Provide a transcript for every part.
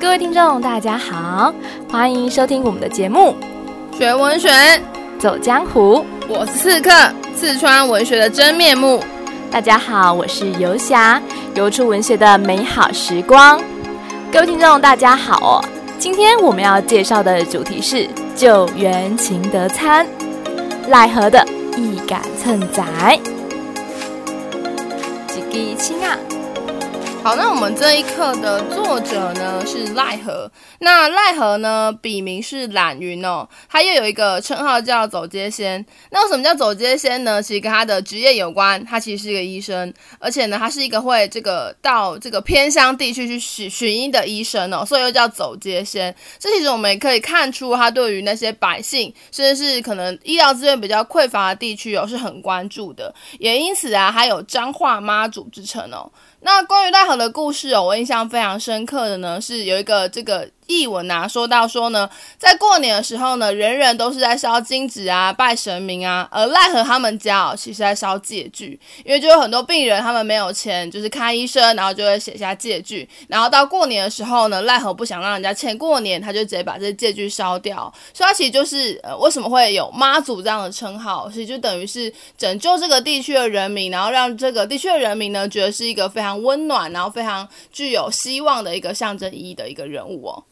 各位聽眾，大家好，歡迎收聽我們的節目《學文學走江湖》。我是刺客，刺穿文學的真面目。大家好，我是游俠，游出文學的美好時光。各位聽眾，大家好，哦、今天我們要介紹的主題是《救援秦得參賴和的一桿稱仔》，一起啊。好，那我們這一課的作者呢是賴和。那賴和呢，筆名是懶雲哦，他又有一個稱號叫走街仙。那為什麼叫走街仙呢？其實跟他的職業有關，他其實是一個醫生，而且呢他是一個會這個到這個偏鄉地區去巡巡醫的醫生哦，所以又叫走街仙。這其實我們也可以看出他對於那些百姓，甚至是可能醫療資源比較匱乏的地區哦，是很關注的，也因此啊，他有彰化媽祖之稱哦。那關於賴和的故事哦、喔，我印象非常深刻的呢，是有一個這個。譯文啊，說到說呢，在過年的時候呢，人人都是在燒金紙啊、拜神明啊，而賴和他們家哦，其實在燒借據，因為就有很多病人他們沒有錢，就是看醫生，然後就會寫下借據，然後到過年的時候呢，賴和不想讓人家欠過年，他就直接把這些借據燒掉。所以它其實就是呃，為什麼會有媽祖這樣的稱號？其實就等於是拯救這個地區的人民，然後讓這個地區的人民呢，覺得是一個非常溫暖，然後非常具有希望的一個象徵意義的一個人物哦。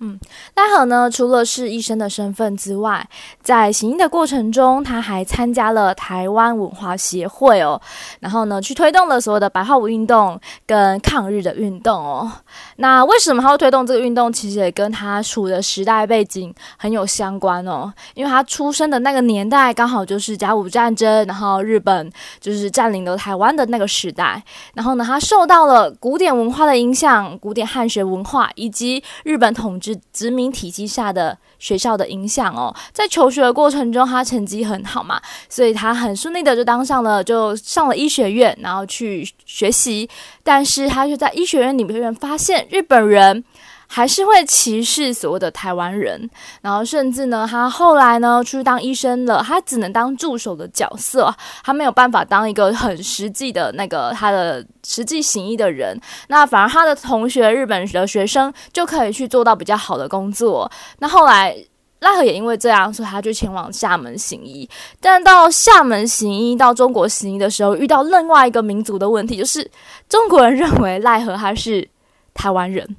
嗯，賴和呢，除了是醫生的身份之外，在行醫的過程中，他還參加了台灣文化協會哦，然後呢，去推動了所有的白話文運動跟抗日的運動哦。那為什麼他會推動這個運動？其實也跟他處的時代背景很有相關哦，因為他出生的那個年代剛好就是甲午戰爭，然後日本就是佔領了台灣的那個時代，然後呢，他受到了古典文化的影響，古典漢學文化以及日本統治。是殖民體系下的學校的影響哦，在求學的過程中，他成績很好嘛，所以他很順利的就當上了，就上了醫學院，然後去學習。但是他就在醫學院裡面發現日本人，還是會歧視所謂的台灣人，然後甚至呢，他後來呢出去當醫生了，他只能當助手的角色，他沒有辦法當一個很實際的那個他的實際行醫的人。那反而他的同學日本的學生就可以去做到比較好的工作。那後來賴和也因為這樣，所以他就前往廈門行醫。但到廈門行醫，到中國行醫的時候，遇到另外一個民族的問題，就是中國人認為賴和他是台灣人。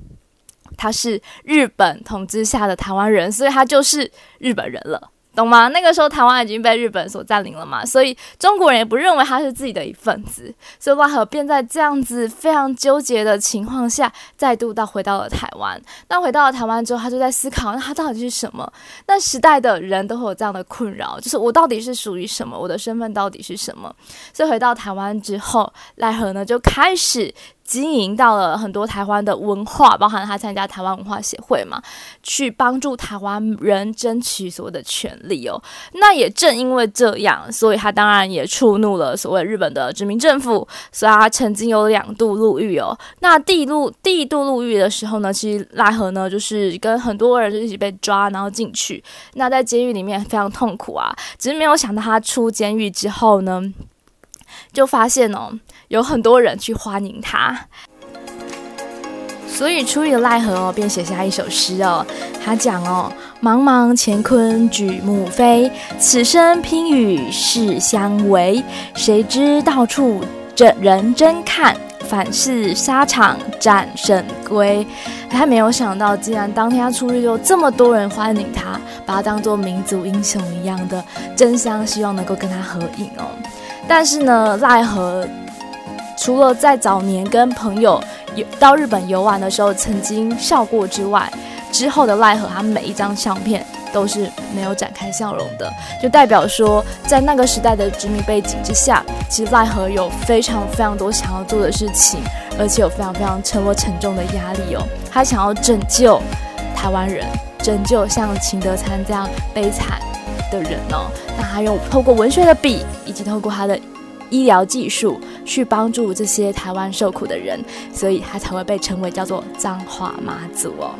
他是日本統治下的台灣人，所以他就是日本人了，懂嗎？那個時候台灣已經被日本所占領了嘛，所以中國人也不認為他是自己的一份子，所以賴和便在這樣子非常糾結的情況下，再度到回到了台灣。那回到了台灣之後，他就在思考，那他到底是什麼？那時代的人都會有這樣的困擾，就是我到底是屬於什麼？我的身份到底是什麼？所以回到台灣之後，賴和呢就開始。經營到了很多台灣的文化，包含他參加台灣文化協會嘛，去幫助台灣人爭取所謂的權利哦。那也正因為這樣，所以他當然也觸怒了所謂日本的殖民政府，所以他曾經有兩度入獄哦。那第一度第一度入獄的時候呢，其實賴和呢就是跟很多人就一起被抓，然後進去。那在監獄裡面非常痛苦啊，只是沒有想到他出監獄之後呢。就發現哦，有很多人去歡迎他，所以出獄賴和哦，便寫下一首詩哦。他講哦：“茫茫乾坤舉目飛，此生拼與世相違。誰知到處整人爭看，反是沙場戰勝歸。”他沒有想到，竟然當天他出獄，又這麼多人歡迎他，把他當做民族英雄一樣的爭相，希望能夠跟他合影哦。但是呢，賴和除了在早年跟朋友遊到日本遊玩的時候曾經笑過之外，之後的賴和他每一張相片都是沒有展開笑容的，就代表說，在那個時代的殖民背景之下，其實賴和有非常非常多想要做的事情，而且有非常非常沉落沉重的壓力哦，他想要拯救台灣人，拯救像秦得參這樣悲慘。的人哦，那他用透過文學的筆，以及透過他的醫療技術去幫助這些台灣受苦的人，所以他才會被稱為叫做“彰化媽祖”哦。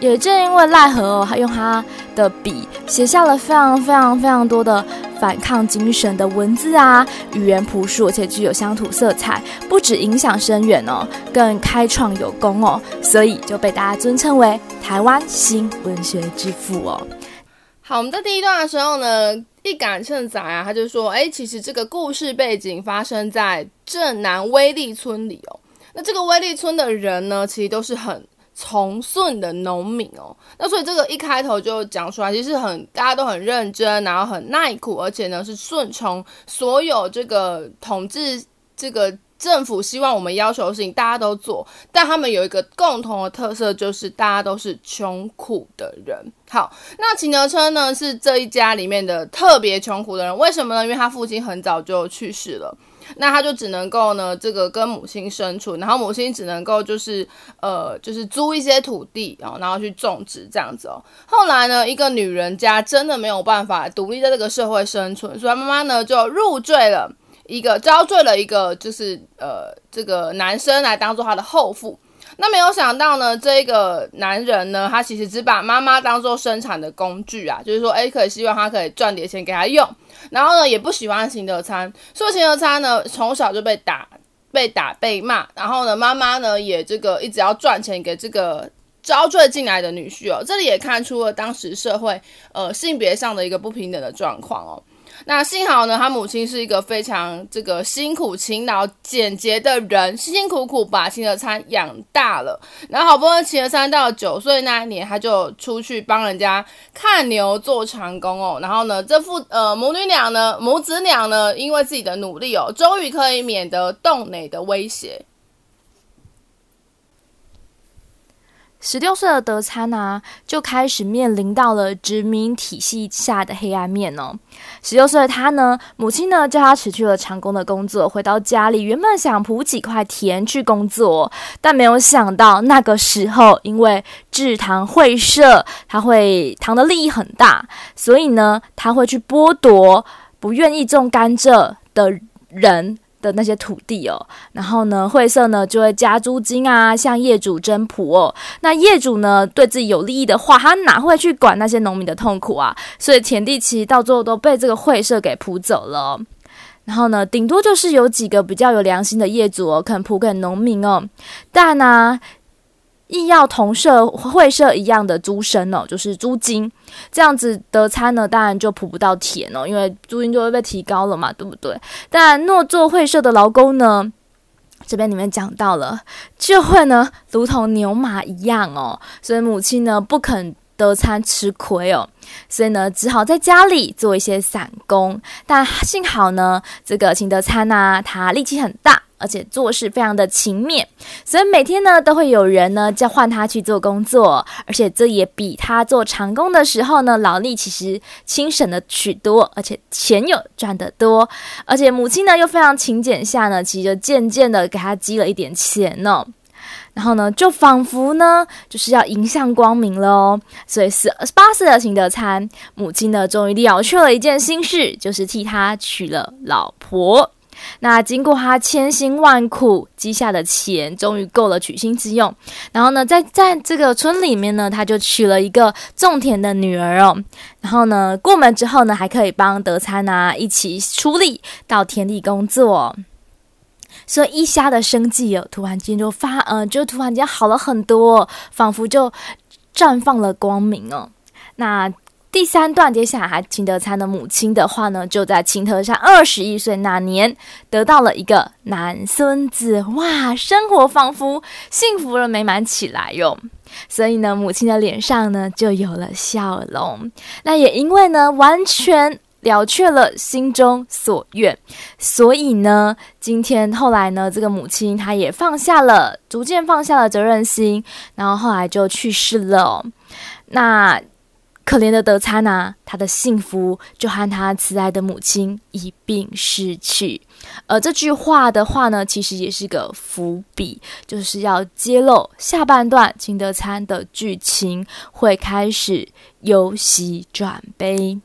也正因為賴和哦，他用他的筆寫下了非常非常非常多的反抗精神的文字啊，語言樸素而且具有鄉土色彩，不止影響深遠哦，更開創有功哦，所以就被大家尊稱為“台灣新文學之父”哦。好，我們在第一段的時候呢，一桿稱仔啊，他就說，哎、欸，其實這個故事背景發生在鎮南威力村裡哦、喔。那這個威力村的人呢，其實都是很從順的農民哦、喔。那所以這個一開頭就講出來，其實很，大家都很認真，然後很耐苦，而且呢是順從所有這個統治這個。政府希望我們要求的事情大家都做，但他們有一個共同的特色，就是大家都是窮苦的人。好，那秦得參呢，是這一家裡面的特別窮苦的人，為什麼呢？因為他父親很早就去世了，那他就只能夠呢這個跟母親生存，存然後母親只能夠就是呃就是租一些土地哦，然後去種植這樣子哦。後來呢，一個女人家真的沒有辦法獨立在這個社會生存，所以他媽媽呢就入贅了。一個招贅了，一個就是呃，這個男生來當做他的後父，那沒有想到呢，這一個男人呢，他其實只把媽媽當做生產的工具啊，就是說，哎，可以希望他可以賺點錢給他用，然後呢，也不喜歡秦得參。所以秦得參呢，從小就被打、被打、被罵，然後呢，媽媽呢也這個一直要賺錢給這個招贅進來的女婿哦，這裡也看出了當時社會呃性別上的一個不平等的狀況哦。那幸好呢，他母親是一個非常這個辛苦勤勞、簡潔的人，辛辛苦苦把秦得參養大了。那好不容易秦得參到九歲那一年，他就出去幫人家看牛做長工哦。然後呢，這父呃母女倆呢，母子倆呢，因為自己的努力哦，終於可以免得凍餒的威脅。十六歲的得參啊，就開始面臨到了殖民體系下的黑暗面哦。十六歲的他呢，母親呢叫他辭去了長工的工作，回到家裡，原本想鋪幾塊田去工作，但沒有想到那個時候，因為製糖會社，他會糖的利益很大，所以呢，他會去剝奪不願意種甘蔗的人的那些土地哦，然後呢，會社呢就會加租金啊，向業主徵普哦。那業主呢，對自己有利益的話，他哪會去管那些農民的痛苦啊？所以田地其實到最後都被這個會社給鋪走了哦。然後呢，頂多就是有幾個比較有良心的業主哦，肯鋪給農民哦，但啊。亦要同社會社一樣的租生哦，就是租金，這樣子得參呢，當然就補不到錢哦，因為租金就會被提高了嘛，對不對？但若做會社的勞工呢，這邊裡面講到了，就會呢如同牛馬一樣哦，所以母親呢不肯得參吃虧哦，所以呢只好在家裡做一些散工，但幸好呢這個秦得參吶，他力氣很大。而且做事非常的勤勉，所以每天呢都會有人呢叫喚他去做工作，而且這也比他做長工的時候呢勞力其實輕省了許多，而且錢又賺得多，而且母親呢又非常勤儉下呢，其實就漸漸的給他積了一點錢呢、哦，然後呢就仿佛呢就是要迎向光明了哦，所以是二十八歲的秦得參，母親呢終於了卻了一件心事，就是替他娶了老婆。那經過他千辛萬苦積下的錢，終於夠了娶親之用。然後呢，在在這個村裡面呢，他就娶了一個種田的女兒哦。然後呢，過門之後呢，還可以幫得參啊一起出力到田裡工作。所以一家的生計哦，突然間就發，嗯、呃，就突然間好了很多哦，仿佛就綻放了光明哦。那。第三段，接下來還秦得參的母親的話呢，就在秦得參二十一歲那年，得到了一個男孫子，哇，生活仿佛幸福了、美滿起來喲、哦。所以呢，母親的臉上呢，就有了笑容。那也因為呢，完全了卻了心中所願，所以呢，今天後來呢，這個母親她也放下了，逐漸放下了責任心，然後後來就去世了、哦。那。可憐的得參吶、啊，他的幸福就和他慈愛的母親一併逝去。而、呃、這句話的話呢，其實也是個伏筆，就是要揭露下半段秦得參的劇情會開始由喜轉悲。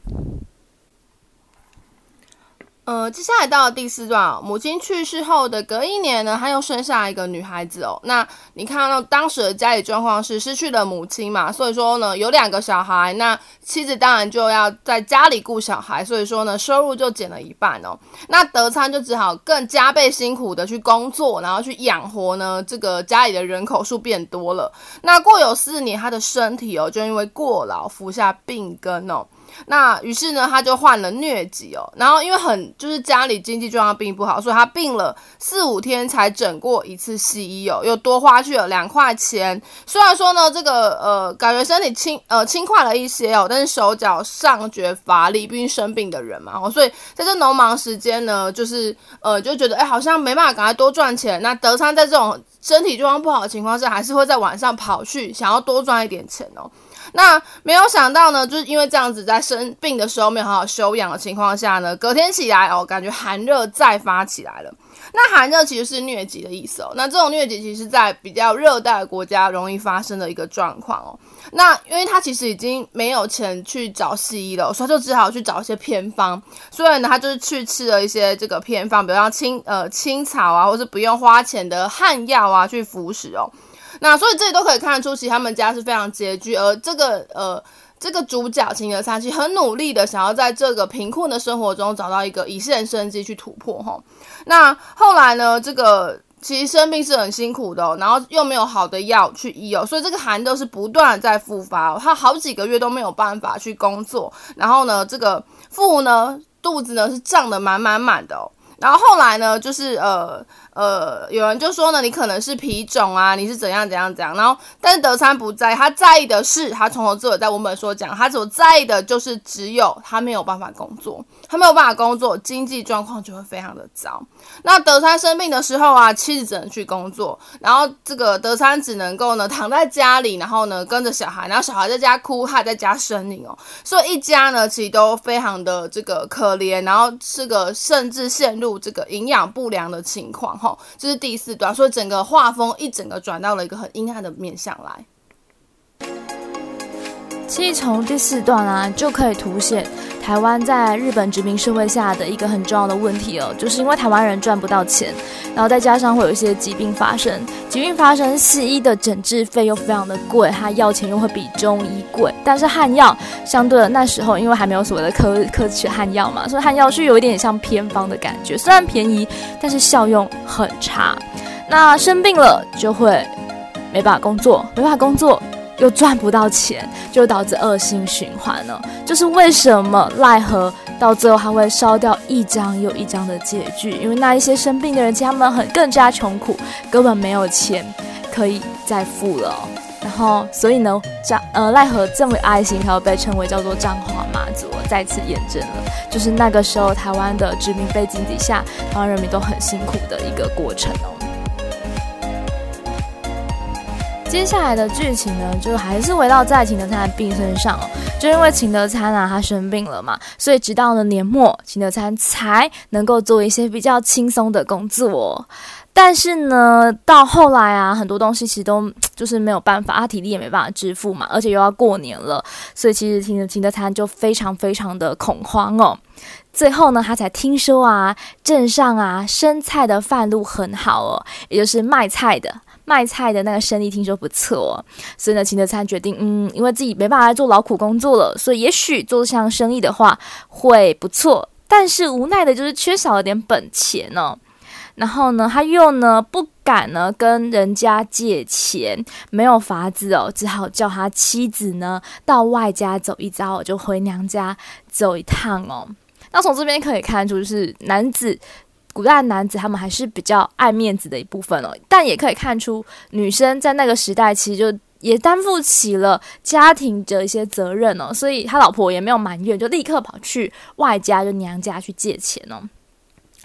呃，接下來到了第四段哦，母親去世後的隔一年呢，他又生下一個女孩子哦。那你看到當時的家裡狀況是失去了母親嘛，所以說呢，有兩個小孩，那妻子，當然就要在家裡顧小孩，所以說呢，收入就減了一半哦。那得參就只好更加倍辛苦的去工作，然後去養活呢，這個家裡的人口數變多了。那過有四年，他的身體哦，就因為過勞，服下病根哦。那於是呢，他就患了瘧疾哦。然後因為很就是家裡經濟狀況並不好，所以他病了四五天才診過一次西醫哦，又多花去了兩塊錢。雖然說呢，這個呃感覺身體輕呃輕快了一些哦，但是手腳上覺乏力，畢竟生病的人嘛哦。所以在這農忙時間呢，就是呃就覺得哎、欸、好像沒辦法趕快多賺錢。那得參在這種身體狀況不好的情況下，還是會在晚上跑去想要多賺一點錢哦。那沒有想到呢，就是因為這樣子，在生病的時候沒有好好休養的情況下呢，隔天起來哦，感覺寒熱再發起來了。那寒熱其實是瘧疾的意思哦。那這種瘧疾其實在比較熱帶的國家容易發生的一個狀況哦。那因為他其實已經沒有錢去找西醫了，所以他就只好去找一些偏方。所以呢，他就是去吃了一些這個偏方，比如像青呃青草啊，或是不用花錢的漢藥啊去服食哦。那所以這裡都可以看出，其實他們家是非常拮據，而這個呃，這個主角秦得參很努力的想要在這個貧困的生活中找到一個一線生機去突破哈、哦。那後來呢，這個其實生病是很辛苦的、哦，然後又沒有好的藥去醫哦，所以這個寒都是不斷在復發、哦，他好幾個月都沒有辦法去工作，然後呢，這個腹呢，肚子呢是脹得滿滿滿的、哦，然後後來呢，就是呃。呃，有人就說呢，你可能是脾腫啊，你是怎樣怎樣怎樣。然後，但是得參不在意，他在意的是，他從頭至尾在文本所講，他所在意的就是只有他沒有辦法工作，他沒有辦法工作，經濟狀況就會非常的糟。那得參生病的時候啊，妻子只能去工作，然後這個得參只能夠呢躺在家裡，然後呢跟着小孩，然後小孩在家哭，他在家呻吟哦，所以一家呢其實都非常的這個可憐，然後這個甚至陷入這個營養不良的情況。齁，這是第四段，所以整個畫風一整個轉到了一個很陰暗的面向來。其實從第四段啊，就可以凸顯台灣在日本殖民社會下的一個很重要的問題哦，就是因為台灣人賺不到錢，然後再加上會有一些疾病發生，疾病發生，西醫的診治費又非常的貴，它藥錢又會比中醫貴，但是漢藥相對的那時候因為還沒有所謂的科科學漢藥嘛，所以漢藥是有一點點像偏方的感覺，雖然便宜，但是效用很差。那生病了就會沒辦法工作，沒辦法工作。又賺不到錢，就導致惡性循環了。就是為什麼賴和到最後還會燒掉一張又一張的借據？因為那一些生病的人，其實他們很更加窮苦，根本沒有錢可以再付了哦。然後，所以呢，張呃賴和這麼有愛心，還有被稱為叫做彰化媽祖，再次驗證了，就是那個時候台灣的殖民背景底下，台灣人民都很辛苦的一個過程哦。接下來的劇情呢，就還是圍繞在秦得參的病身上哦。就因為秦得參啊，他生病了嘛，所以直到呢年末，秦得參才能夠做一些比較輕鬆的工作哦。但是呢，到後來啊，很多東西其實都就是沒有辦法，他體力也沒辦法支付嘛，而且又要過年了，所以其實秦得、秦得參就非常非常的恐慌哦。最後呢，他才聽說啊，鎮上啊，生菜的販路很好哦，也就是賣菜的。賣菜的那個生意聽說不錯哦，所以呢，秦得參決定，嗯，因為自己沒辦法做勞苦工作了，所以也許做這項生意的話會不錯。但是無奈的就是缺少了點本錢哦，然後呢，他又呢不敢呢跟人家借錢，沒有法子哦，只好叫他妻子呢到外家走一遭，就回娘家走一趟哦。那從這邊可以看出，就是男子。古代男子他們還是比較愛面子的一部分哦，但也可以看出，女生在那個時代其實就也擔負起了家庭的一些責任哦，所以他老婆也沒有埋怨，就立刻跑去外家就娘家去借錢哦。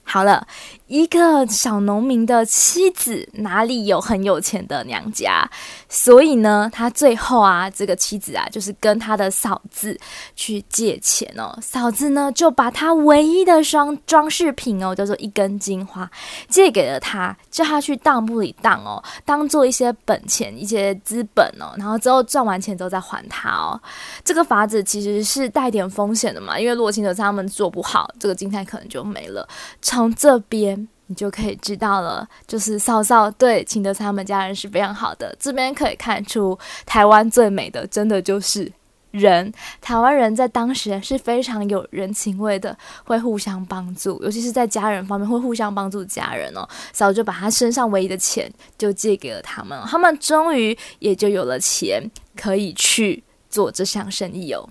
好了。一個小農民的妻子哪裡有很有錢的娘家，所以呢，他最後啊，這個妻子啊，就是跟他的嫂子去借錢哦。嫂子呢，就把他唯一的雙裝飾品哦，叫做一根金花，借給了他，叫他去當鋪裡當哦，當做一些本錢、一些資本哦。然後之後賺完錢之後再還他哦。這個法子其實是帶一點風險的嘛，因為駱清河他們做不好，這個金釵可能就沒了。從這邊。你就可以知道了，就是少少對秦得參他們家人是非常好的。這邊可以看出，台灣最美的真的就是人。台灣人在當時是非常有人情味的，會互相幫助，尤其是在家人方面會互相幫助家人哦。少少就把他身上唯一的錢就借給了他們，他們終於也就有了錢可以去做這項生意哦。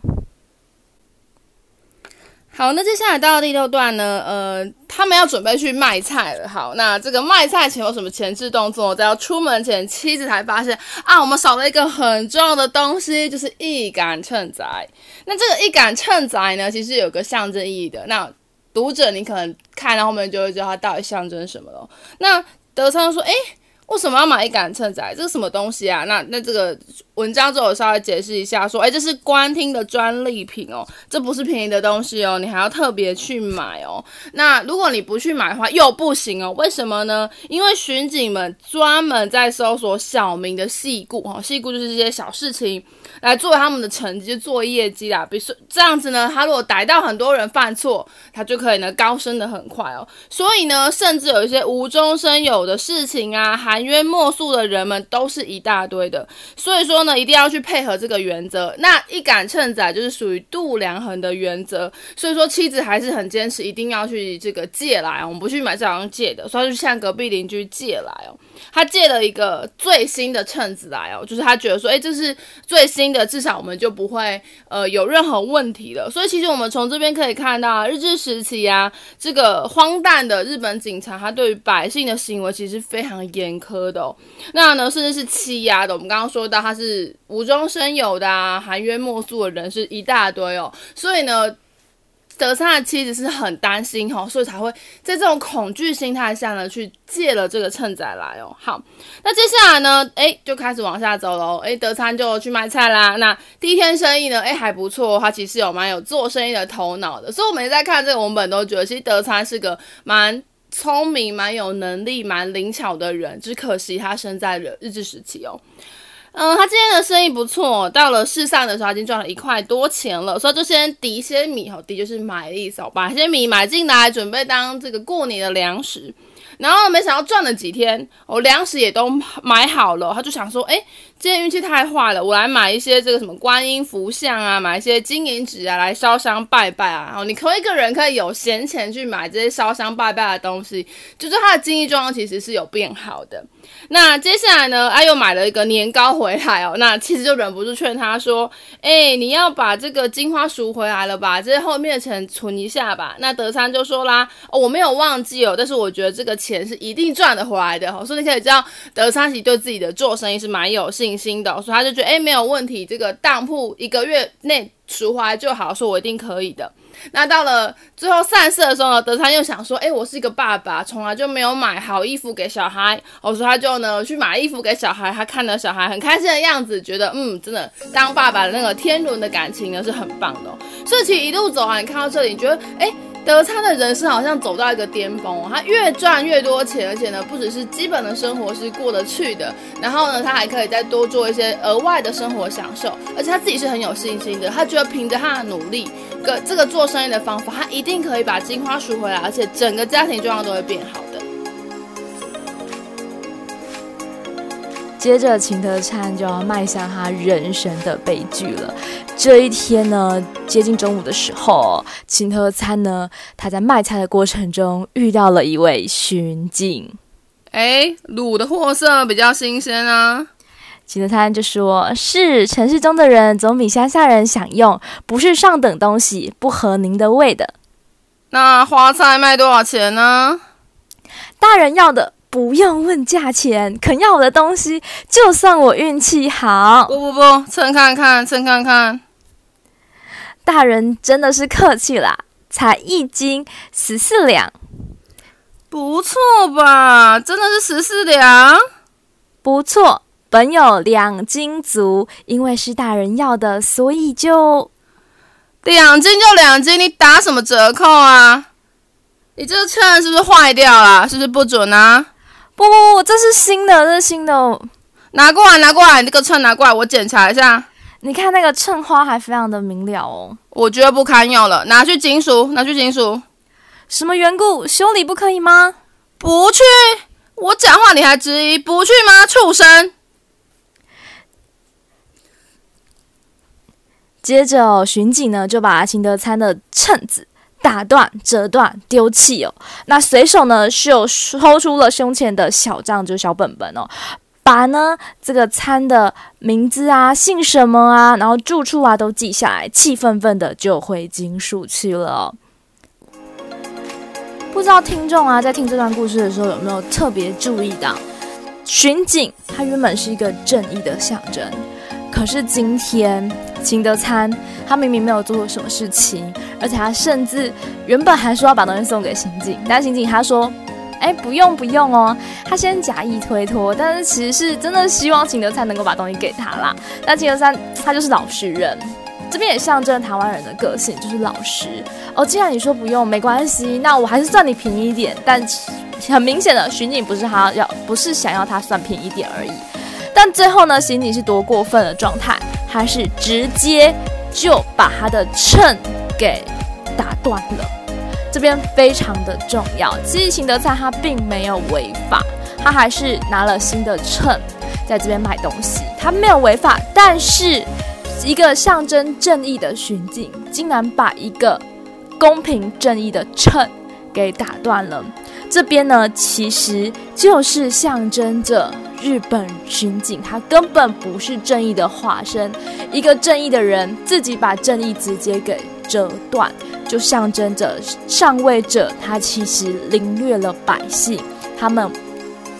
好，那接下來到了第六段呢？呃，他們要準備去賣菜了。好，那這個賣菜前有什麼前置動作？在要出門前，妻子才發現啊，我們少了一個很重要的東西，就是一桿秤仔。那這個一桿秤仔呢，其實有個象徵意義的。那讀者，你可能看到後面就會知道它到底象徵什麼了。那得參說，誒。為什麼要買一桿秤仔？這是什麼東西啊？那那這個文章之後稍微解釋一下，說，誒，這是官廳的專利品哦，這不是便宜的東西哦，你還要特別去買哦。那如果你不去買的話又不行哦，為什麼呢？因為巡警們專門在搜索小民的細故哦，細故就是這些小事情，來作為他們的成績，就做業績啦。比如說這樣子呢，他如果逮到很多人犯錯，他就可以呢高升得很快哦。所以呢，甚至有一些無中生有的事情啊，還。因為莫宿的人們都是一大堆的，所以說呢，一定要去配合這個原則。那一桿秤仔就是屬於度量衡的原則，所以說妻子還是很堅持，一定要去這個借來。我們不去買，只好用借的，所以他就向隔壁鄰居借來哦。他借了一個最新的秤子來哦，就是他覺得說，哎、欸，這是最新的，至少我們就不會呃有任何問題了。所以其實我們從這邊可以看到啊，日治時期啊，這個荒誕的日本警察他對於百姓的行為其實非常嚴格。喝的，哦，那呢，甚至是欺壓、啊、的。我們剛剛說到，他是無中生有的啊，含冤莫訴的人是一大堆哦。所以呢，得參的妻子是很擔心吼、哦，所以才會在這種恐懼心態下呢，去借了這個秤仔來哦。好，那接下來呢，哎，就開始往下走了哦。哎，得參就去賣菜啦。那第一天生意呢，哎，還不錯、哦。他其實有蠻有做生意的頭腦的，所以我們在看這個文本都覺得，其實得參是個蠻。聰明、蠻有能力、蠻靈巧的人，只可惜他生在了日治時期哦。嗯，他今天的生意不錯，到了市上的時候，他已經賺了一塊多錢了，所以就先籴一些米，哈、哦，籴就是買的意思，把一些米買進來，準備當這個過年的糧食。然後沒想到賺了幾天，我、哦、糧食也都買好了，他就想說，哎、欸。今天運氣太壞了，我來買一些這個什麼觀音佛像啊，買一些金銀紙啊，來燒香拜拜啊。後、哦、你可可以一個人可以有閒錢去買這些燒香拜拜的東西，就是他的經濟狀況其實是有變好的。那接下來呢，他、啊、又買了一個年糕回來哦。那其實就忍不住勸他說：“哎、欸，你要把這個金花贖回來了吧，這些後面的錢存一下吧。”那得參就說啦：“哦，我沒有忘記哦，但是我覺得這個錢是一定賺得回來的。哦”所以：“你可以知道，得參其實對自己的做生意是蠻有信信心的、哦，所以他就覺得，哎、欸，沒有問題，這個當鋪一個月內贖回就好，說我一定可以的。那到了最後散市的時候呢，得參又想說，哎、欸，我是一個爸爸，從來就沒有買好衣服給小孩，我說他就呢去買衣服給小孩，他看到小孩很開心的樣子，覺得嗯，真的當爸爸的那個天倫的感情呢是很棒的、哦。所以其實一路走來，你看到這裡，你覺得哎、欸，得參的人生好像走到一個巔峰、哦，他越賺越多錢，而且呢不只是基本的生活是過得去的，然後呢他還可以再多做一些額外的生活享受，而且他自己是很有信心的，他覺得憑着他的努力。這個、這個做生意的方法，他一定可以把金花贖回來，而且整個家庭狀況都會變好的。接着，秦得參就要邁向他人生的悲劇了。這一天呢，接近中午的時候，秦得參呢，他在賣菜的過程中遇到了一位巡警。哎，滷的貨色比較新鮮啊。秦得參就說：“是城市中的人總比鄉下人享用不是上等東西，不合您的胃的。”那花菜賣多少錢呢？大人要的不用問價錢，肯要我的東西，就算我運氣好。不不不，稱看看，稱看看。大人真的是客氣啦，才一斤十四兩，不錯吧？真的是十四兩，不錯。本有兩斤足，因為是大人要的，所以就兩斤就兩斤。你打什麼折扣啊？你這個秤，是不是壞掉了啊？是不是不準啊？不不不，這是新的，這是新的。拿過來，拿過來，你這個秤拿過來，我檢查一下。你看那個秤花還非常的明了哦。我覺得不堪用了，拿去警署，拿去警署。什麼緣故？修理不可以嗎？不去，我講話你還質疑不去嗎？畜生！接着，巡警呢，就把秦得參的秤子打斷、折斷、丟棄哦。那隨手呢，就抽出了胸前的小賬，就是小本本哦，把呢這個參的名字啊、姓什麼啊、然後住處啊都記下來，氣憤憤的就回警署去了、哦。不知道聽眾啊，在聽這段故事的時候有沒有特別注意到，巡警他原本是一個正義的象徵。可是今天秦得參，他明明沒有做過什麼事情，而且他甚至原本還說要把東西送給巡警，但巡警他說，哎、欸、不用不用哦，他先假意推脫，但是其實是真的希望秦得參能夠把東西給他啦。那秦得參他就是老實人，這邊也象徵台灣人的個性就是老實。哦，既然你說不用，沒關係，那我還是算你便宜一點。但很明顯的巡警不是他要，不是想要他算便宜點而已。但最後呢，刑警，是多過分的狀態，還是直接就把他的秤給打斷了。這邊非常的重要，其實秦得參他並沒有違法，他還是拿了新的秤在這邊賣東西，他沒有違法，但是一個象徵正義的巡警竟然把一個公平正義的秤給打斷了。這邊呢，其實就是象徵着日本巡警，他根本不是正義的化身。一個正義的人自己把正義直接給折斷，就象徵着上位者，他其實凌虐了百姓，他們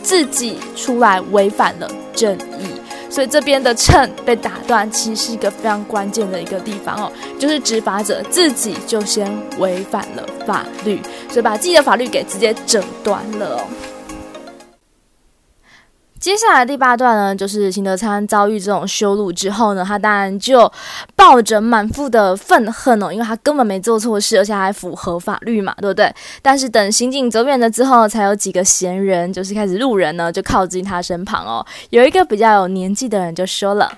自己出來違反了正義。所以這邊的秤被打斷，其實是一個非常關鍵的一個地方哦，就是執法者自己就先違反了法律，所以把自己的法律給直接整斷了哦。接下來第八段呢，就是秦得參遭遇這種羞辱之後呢，他當然就抱着滿腹的憤恨哦、喔，因為他根本沒做錯事，而且還符合法律嘛，對不對？但是等刑警走遠了之後，才有幾個閒人，就是開始路人呢，就靠近他身旁哦、喔。有一個比較有年紀的人就說了：“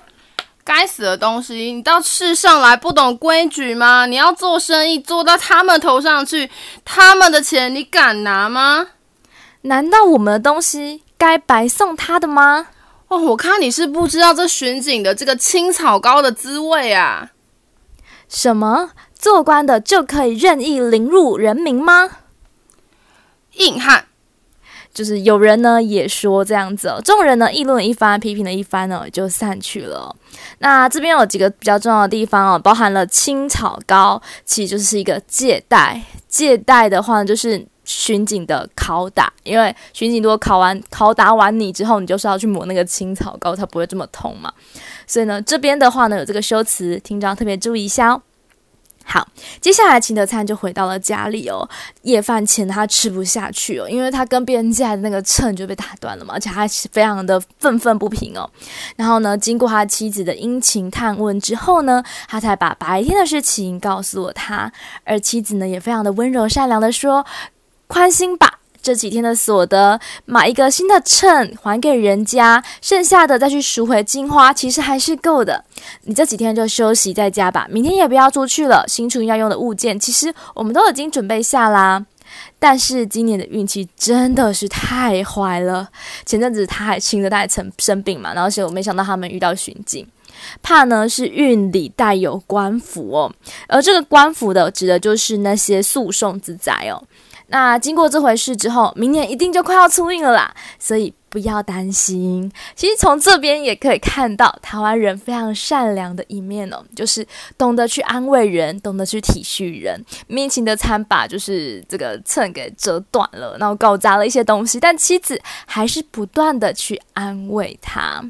該死的東西，你到世上來不懂規矩嗎？你要做生意做到他們頭上去，他們的錢你敢拿嗎？難道我們的東西？”該白送他的嗎？哦，我看你是不知道這巡警的這個青草膏的滋味啊！什麼做官的就可以任意凌辱人民嗎？硬漢就是有人呢也說這樣子哦。眾人呢議論一番，批評了一番呢，就散去了。那這邊有幾個比較重要的地方哦，包含了青草膏，其實就是一個借代。借代的話呢，就是。巡警的拷打，因為巡警如果拷完拷打完你之後，你就是要去抹那個青草膏，它不會這麼痛嘛。所以呢，這邊的話呢，有這個修辭，聽眾要特別注意一下哦。好，接下來秦得參就回到了家裡哦。夜飯前他吃不下去哦，因為他跟別人借的那個秤就被打斷了嘛，而且他非常的憤憤不平哦。然後呢，經過他妻子的殷勤探問之後呢，他才把白天的事情告訴了他。而妻子呢，也非常的溫柔善良的說。寬心吧，這幾天的所得買一個新的秤還給人家，剩下的再去贖回金花，其實還是夠的。你這幾天就休息在家吧，明天也不要出去了。新春要用的物件其實我們都已經準備下啦。但是今年的運氣真的是太壞了，前陣子他還親的，他還曾生病嘛，然後所以我沒想到他們遇到巡警，怕呢是運裡帶有官府哦，而這個官府的指的就是那些訴訟之災哦。那經過這回事之後，明年一定就快要出運了啦，所以不要擔心。其實從這邊也可以看到台灣人非常善良的一面哦，就是懂得去安慰人，懂得去體恤人。面前的餐把就是這個秤給折斷了，然後搞砸了一些東西，但妻子還是不斷的去安慰他。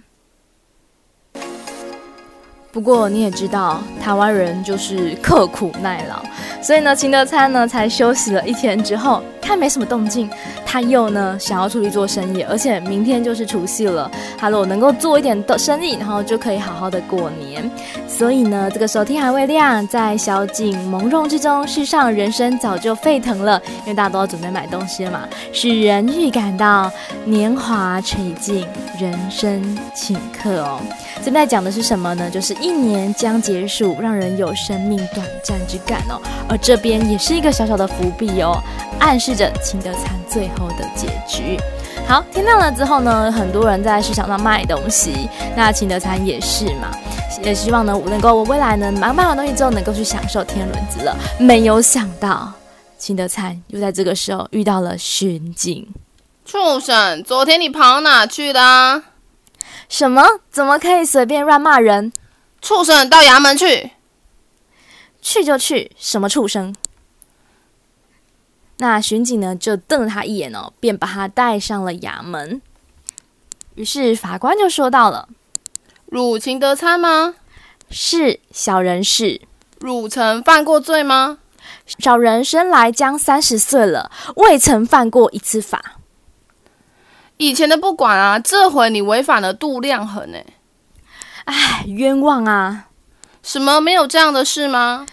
不過你也知道，台灣人就是刻苦耐勞，所以呢，秦得參呢才休息了一天之後，看沒什麼動靜，他又呢想要出去做生意，而且明天就是除夕了，他如果能夠做一點的生意，然後就可以好好的過年。所以呢，這個時候天還未亮，在小景朦朧之中，市上人聲早就沸騰了，因為大家都要準備買東西了嘛，使人預感到年華垂盡，人生頃刻哦。現在講的是什麼呢？就是。一年將結束，讓人有生命短暫之感哦。而這邊也是一個小小的伏筆哦，暗示着秦得參最後的結局。好，天亮了之後呢，很多人在市場上賣東西，那秦得參也是嘛，也希望呢，我能夠我未來呢，忙賣完東西之後能夠去享受天倫之樂。沒有想到，秦得參又在這個時候遇到了巡警。畜生，昨天你跑哪去的？什麼？怎麼可以隨便亂罵人？畜生，到衙門去！去就去，什麼畜生？那巡警呢？就瞪了他一眼哦，便把他帶上了衙門。於是法官就說到了：“汝秦得參嗎？是，小人是。汝曾犯過罪嗎？小人生來將三十歲了，未曾犯過一次法。以前的不管啊，這回你違反了度量衡誒、欸哎，冤枉啊！什麼沒有這樣的事嗎？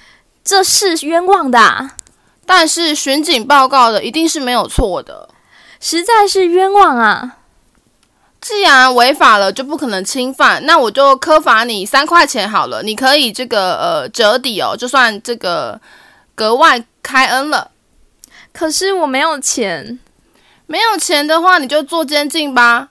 這是冤枉的啊。但是巡警報告的一定是沒有錯的，實在是冤枉啊！既然違法了，就不可能侵犯，那我就科罰你三塊錢好了。你可以這個呃折抵哦，就算這個格外開恩了。可是我沒有錢，沒有錢的話，你就坐監禁吧。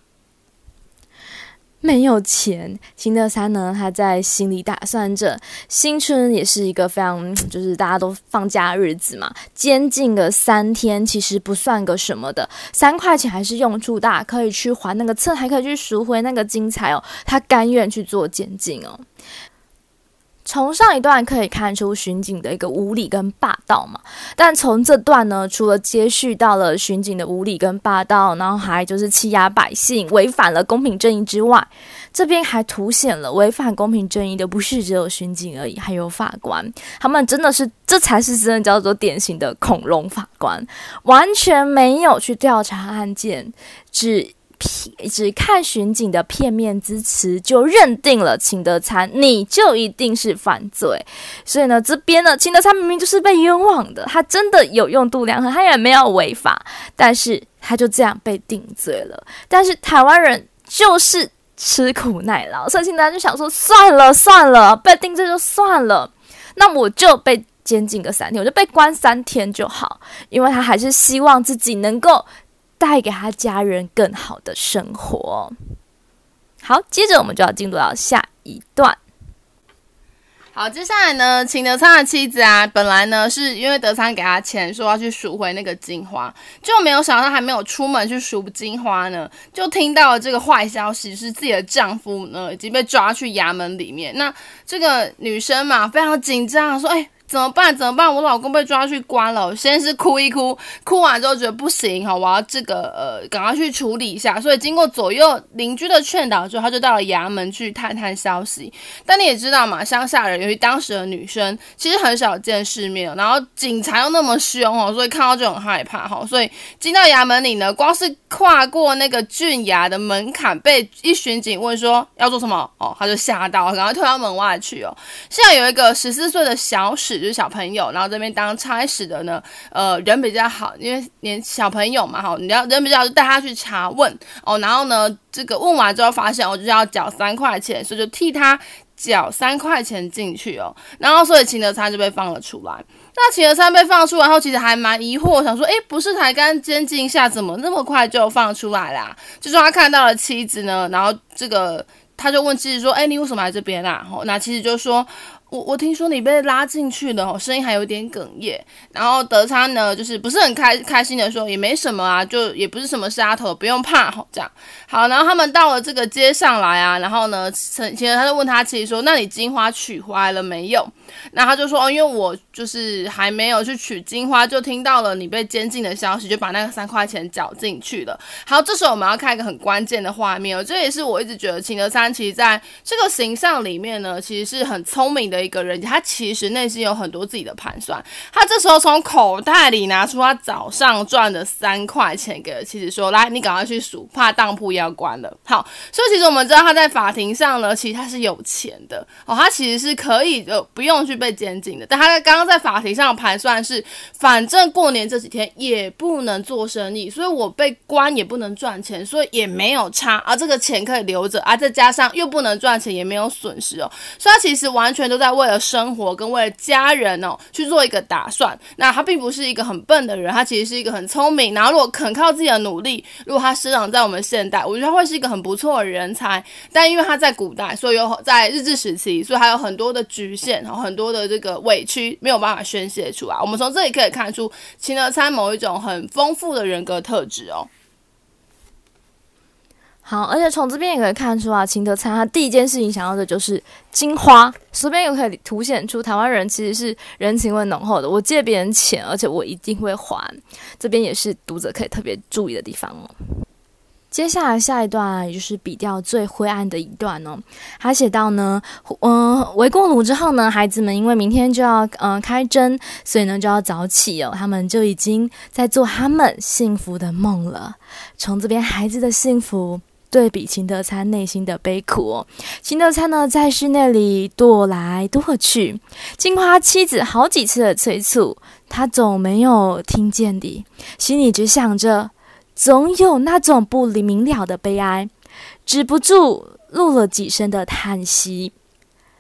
沒有錢，秦得參呢？他在心裡打算着，新春也是一個非常就是大家都放假日子嘛，監禁個三天其實不算個什麼的，三塊錢還是用處大，可以去還那個秤，還可以去贖回那個金釵哦。他甘願去做監禁哦。從上一段可以看出巡警的一個無理跟霸道嘛，但從這段呢，除了接續到了巡警的無理跟霸道，然後還就是欺壓百姓、違反了公平正義之外，這邊還凸顯了違反公平正義的不是只有巡警而已，還有法官，他們真的是這才是真的叫做典型的恐龍法官，完全沒有去調查案件，只。只看巡警的片面之詞就認定了秦得參你就一定是犯罪。所以呢，這邊呢，秦得參明明就是被冤枉的，他真的有用度量衡，他也沒有違法，但是他就這樣被定罪了。但是台灣人就是吃苦耐勞，所以秦得參就想說算：算了算了，被定罪就算了，那我就被監禁個三天，我就被關三天就好，因為他還是希望自己能夠。帶給他家人更好的生活。好，接着我們就要進入到下一段。好，接下來呢，秦得參的妻子啊，本來呢是因為得參給他錢，說要去贖回那個金花，就沒有想到他還沒有出門去贖金花呢，就聽到了這個壞消息，是自己的丈夫呢已經被抓去衙門裡面。那這個女生嘛，非常緊張，說：“哎。”怎麼辦？怎麼辦？我老公被抓去關了。我先是哭一哭，哭完之後覺得不行。好，我要這個呃，趕快去處理一下。所以經過左右鄰居的勸導之後，他就到了衙門去探探消息。但你也知道嘛，鄉下人，由於當時的女生其實很少見世面，然後警察又那麼凶哦，所以看到就很害怕哈。所以進到衙門裡呢，光是跨過那個郡衙的門檻，被一巡警問說要做什麼哦，他就嚇到，趕快退到門外去哦。現在有一個十四歲的小使。就是小朋友，然後這邊當差使的呢，呃，人比較好，因為連小朋友嘛，哈，你要人比較好就帶他去查問哦，然後呢，這個問完之後發現我、哦、就是要繳三塊錢，所以就替他繳三塊錢進去哦，然後所以秦得參就被放了出來。那秦得參被放出來後，其實還蠻疑惑，想說，誒，不是才剛監禁一下，怎麼那麼快就放出來了？就是他看到了妻子呢，然後這個他就問妻子說，誒，你為什麼來這邊啦、啊？後、哦、那妻子就說。我我聽說你被拉進去了，聲音還有點哽咽。然後得參呢，就是不是很開開心的說，也沒什麼啊，就也不是什麼殺頭，不用怕好，這樣。好，然後他們到了這個街上來啊，然後呢，秦其實他，他就問他其實說，那你金花取回來了沒有？那他就說哦，因為我就是還沒有去取金花，就聽到了你被監禁的消息，就把那個三塊錢繳進去了。好，這時候我們要看一個很關鍵的畫面哦，這也是我一直覺得秦得參其實在這個形象裡面呢，其實是很聰明的一個人，他其實內心有很多自己的盤算。他這時候從口袋裡拿出他早上賺的三塊錢給了，給妻子說：“來，你趕快去數，怕當鋪要關了。”好，所以其實我們知道他在法庭上呢，其實他是有錢的哦，他其實是可以就、呃、不用。上去被監禁的，但他剛剛在法庭上的盤算是，反正過年這幾天也不能做生意，所以我被關也不能賺錢，所以也沒有差，而、啊、這個錢可以留着啊，再加上又不能賺錢，也沒有損失哦，所以他其實完全都在為了生活跟為了家人哦去做一個打算。那他並不是一個很笨的人，他其實是一個很聰明，然後如果肯靠自己的努力，如果他生長在我們現代，我覺得他會是一個很不錯的人才。但因為他在古代，所以有在日治時期，所以還有很多的局限，然後。很多的這個委屈沒有辦法宣泄出來，我們從這裡可以看出秦得參某一種很豐富的人格特質哦。好，而且從這邊也可以看出啊，秦得參他第一件事情想要的就是金花，這邊也可以凸顯出台灣人其實是人情味濃厚的。我借別人錢，而且我一定會還，這邊也是讀者可以特別注意的地方哦。接下來下一段，也就是比較最灰暗的一段哦。他寫到呢，嗯、呃，圍過爐之後呢，孩子們因為明天就要嗯、呃、開正，所以呢就要早起哦。他們就已經在做他們幸福的夢了。從這邊孩子的幸福對比秦得參內心的悲苦哦。秦得參呢在室內裡踱來踱去，經過他妻子好幾次的催促，他總沒有聽見的，心裡只想着。總有那種不明了的悲哀，止不住露了幾聲的嘆息。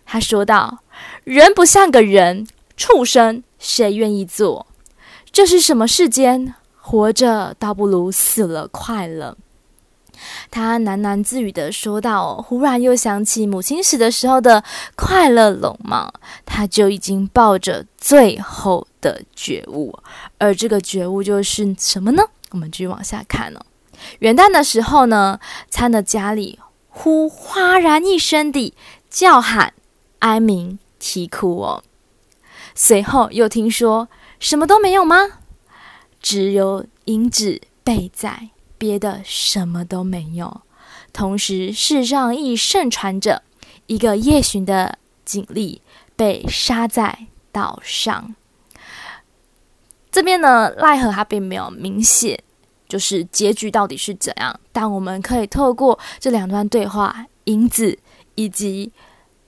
他說道：“人不像個人，畜生誰願意做？這是什麼世間？活着倒不如死了快樂。”他喃喃自語的說道，忽然又想起母親死的時候的快樂容貌，他就已經抱着最後的覺悟，而這個覺悟就是什麼呢？我們繼續往下看哦。元旦的時候呢，參的家裡忽嘩然一聲地叫喊、哀鳴、啼哭哦。隨後又聽說什麼都沒有嗎？只有銀紙備在，別的什麼都沒有。同時，市上亦盛傳着一個夜巡的警吏被殺在道上。這邊呢，賴和他並沒有明顯，就是結局到底是怎樣？但我們可以透過這兩段對話，影子以及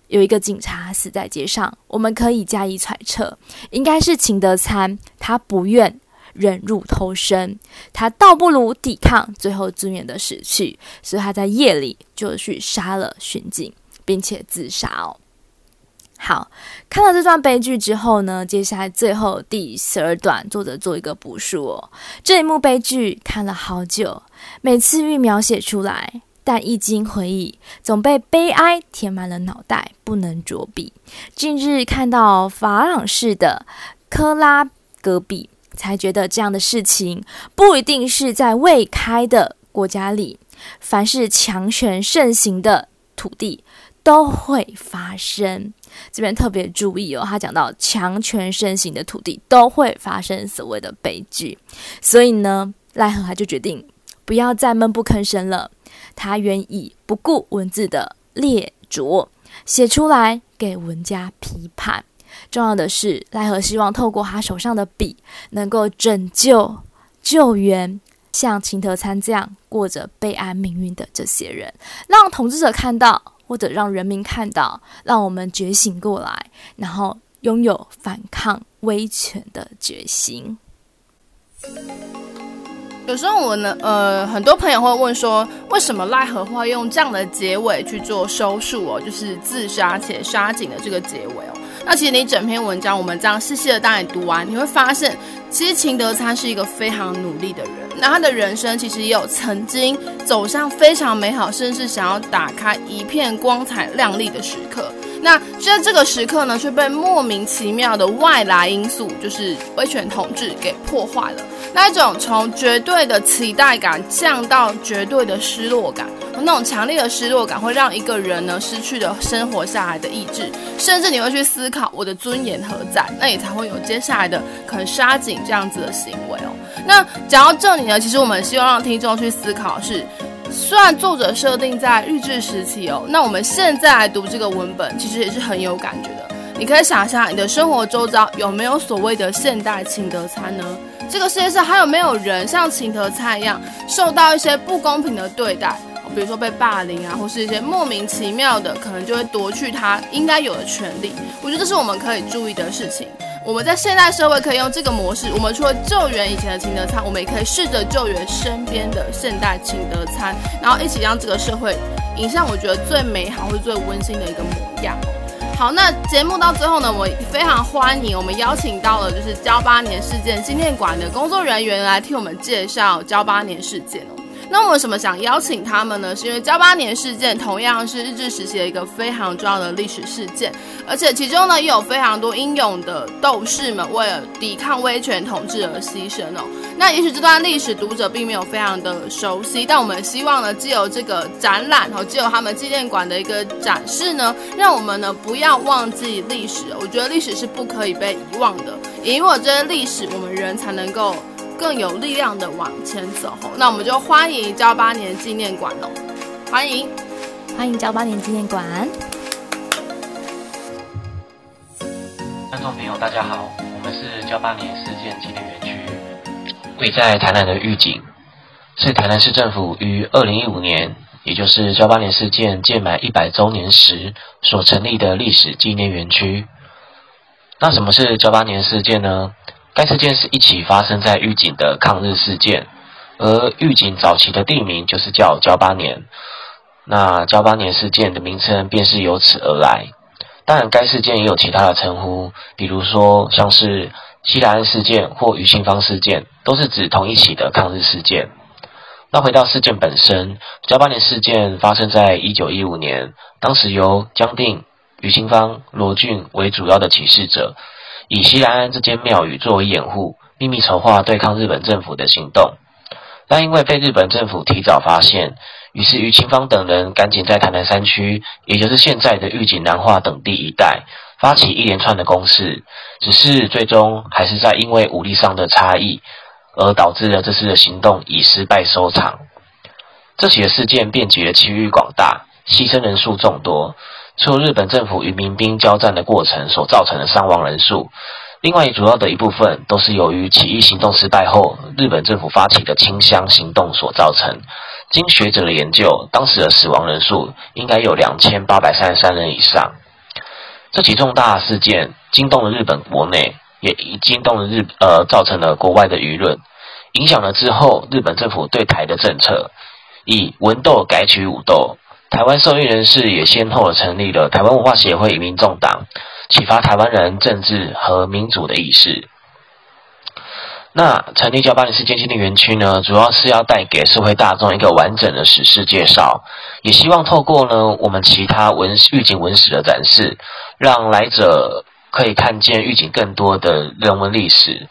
有一個警察死在街上，我們可以加以揣測，應該是秦得參他不願忍辱偷生，他倒不如抵抗，最後自願的死去，所以他在夜裡就去殺了巡警，並且自殺哦。好，看了這段悲劇之後呢，接下來最後第十二段，作者做一個補述哦。這一幕悲劇看了好久，每次欲描寫出來，但一經回憶，總被悲哀填滿了腦袋，不能着筆。近日看到法朗士的《科拉戈比》，才覺得這樣的事情不一定是在未開的國家裡，凡是強權盛行的土地，都會發生。這邊特別注意哦，他講到強權盛行的土地都會發生所謂的悲劇，所以呢，賴和他就決定不要再悶不吭聲了，他願意不顧文字的劣拙寫出來給文家批判。重要的是，賴和希望透過他手上的筆，能夠拯救、救援像秦得參這樣過着悲哀命運的這些人，讓統治者看到。或者讓人民看到，讓我們覺醒過來，然後擁有反抗威權的決心。有時候我呢，呃，很多朋友會問說，為什麼賴和會用這樣的結尾去做收束哦，就是自殺且殺警的這個結尾哦。那其實你整篇文章，我們這樣細細的帶你讀完，你會發現，其實秦得參是一個非常努力的人。那他的人生其實也有曾經走向非常美好，甚至想要打開一片光彩亮麗的時刻。那就在這個時刻呢，卻被莫名其妙的外來因素，就是威權統治給破壞了。那一種從絕對的期待感降到絕對的失落感，那種強烈的失落感會讓一個人呢失去了生活下來的意志，甚至你會去思考我的尊嚴何在，那你才會有接下來的可能殺警這樣子的行為哦。那講到這裡呢，其實我們希望讓聽眾去思考的是。雖然作者設定在日治時期哦，那我們現在來讀這個文本，其實也是很有感覺的。你可以想象你的生活周遭有沒有所謂的現代秦得參呢？這個世界上還有沒有人像秦得參一樣受到一些不公平的對待？比如說被霸凌啊，或是一些莫名其妙的，可能就會奪去他應該有的權利。我覺得這是我們可以注意的事情。我們在現代社會可以用這個模式，我們除了救援以前的秦得參，我們也可以試着救援身邊的現代秦得參，然後一起讓這個社會迎向我覺得最美好或最溫馨的一個模樣。好，那節目到最後呢，我非常歡迎我們邀請到了就是噍吧哖事件紀念館的工作人員來替我們介紹噍吧哖事件哦。那我們為什麼想邀請他們呢？是因為噍吧哖事件同樣是日治時期的一個非常重要的歷史事件，而且其中呢也有非常多英勇的鬥士們為了抵抗威權統治而犧牲哦。那也許這段歷史讀者並沒有非常的熟悉，但我們希望呢，藉由這個展覽和藉由他們紀念館的一個展示呢，讓我們呢不要忘記歷史。我覺得歷史是不可以被遺忘的，也因為有這些歷史，我們人才能夠。更有力量的往前走，那我們就歡迎“噍吧哖紀念館”哦，歡迎，歡迎“噍吧哖紀念館”。觀眾朋友，大家好，我們是“噍吧哖事件紀念園區”。位在台南的玉井，是台南市政府於二零一五年，也就是“噍吧哖事件”屆滿一百周年時所成立的歷史紀念園區。那什麼是“噍吧哖事件”呢？該事件是一起發生在玉井的抗日事件，而玉井早期的地名就是叫“噍吧哖”，那“噍吧哖事件”的名稱便是由此而來。當然，該事件也有其他的稱呼，比如說像是“西來庵事件”或“余清芳事件”，都是指同一起的抗日事件。那回到事件本身，“噍吧哖事件”發生在一九一五年，當時由江定、余清芳、羅俊為主要的起事者。以西來庵這間廟宇作為掩護，秘密籌劃對抗日本政府的行動。但因為被日本政府提早發現，於是余清芳等人趕緊在台南山區，也就是現在的玉井、南化等地一帶，發起一連串的攻勢。只是最終還是在因為武力上的差異，而導致了這次的行動以失敗收場。這起事件遍及的區域廣大，犧牲人數眾多。除日本政府與民兵交戰的過程所造成的傷亡人數，另外主要的一部分都是由於起義行動失敗後，日本政府發起的清鄉行動所造成。經學者的研究，當時的死亡人數應該有兩千八百三十三人以上。這起重大事件驚動了日本國內，也驚動了日呃，造成了國外的輿論，影響了之後日本政府對台的政策，以文鬥改取武鬥。台灣受益人士也先後成立了台灣文化協會、民眾黨，啟發台灣人政治和民主的意識。那成立噍吧哖事件紀念的園區呢，主要是要帶給社會大眾一個完整的史事介紹，也希望透過呢，我們其他文玉井文史的展示，讓來者可以看見玉井更多的人文歷史。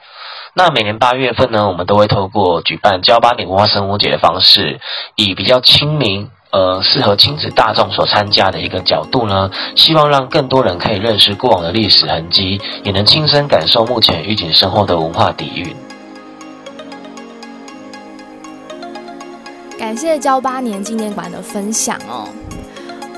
那每年八月份呢，我們都會透過舉辦噍吧哖文化生活節的方式，以比較親民。呃，適合親子大眾所參加的一個角度呢，希望讓更多人可以認識過往的歷史痕跡，也能親身感受目前玉井深厚的文化底蘊。感謝噍吧哖紀念館的分享哦。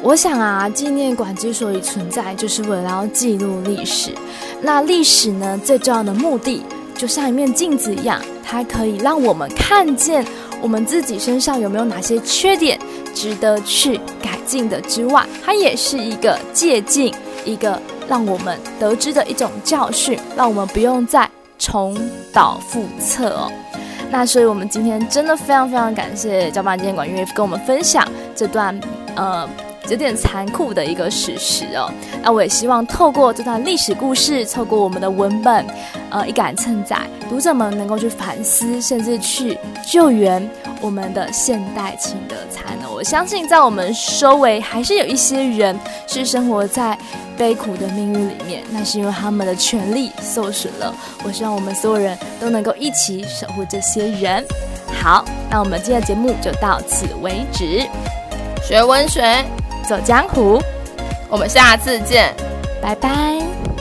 我想啊，紀念館之所以存在，就是為了要記錄歷史。那歷史呢，最重要的目的，就像一面鏡子一樣，它可以讓我們看見我們自己身上有沒有哪些缺點。值得去改進的之外，它也是一個借鑒，一個讓我們得知的一種教訓，讓我們不用再重蹈覆轍哦。那所以，我們今天真的非常非常感謝噍吧哖紀念園區跟我們分享這段呃。有點殘酷的一個事實哦。那我也希望透過這段歷史故事，透過我們的文本，呃，一桿稱仔，讀者們能夠去反思，甚至去救援我們的現代秦得參才能。我相信，在我們周圍還是有一些人是生活在悲苦的命運裡面，那是因為他們的權利受損了。我希望我們所有人都能夠一起守護這些人。好，那我們今天的節目就到此為止。學文學。走江湖，我們下次見，拜拜。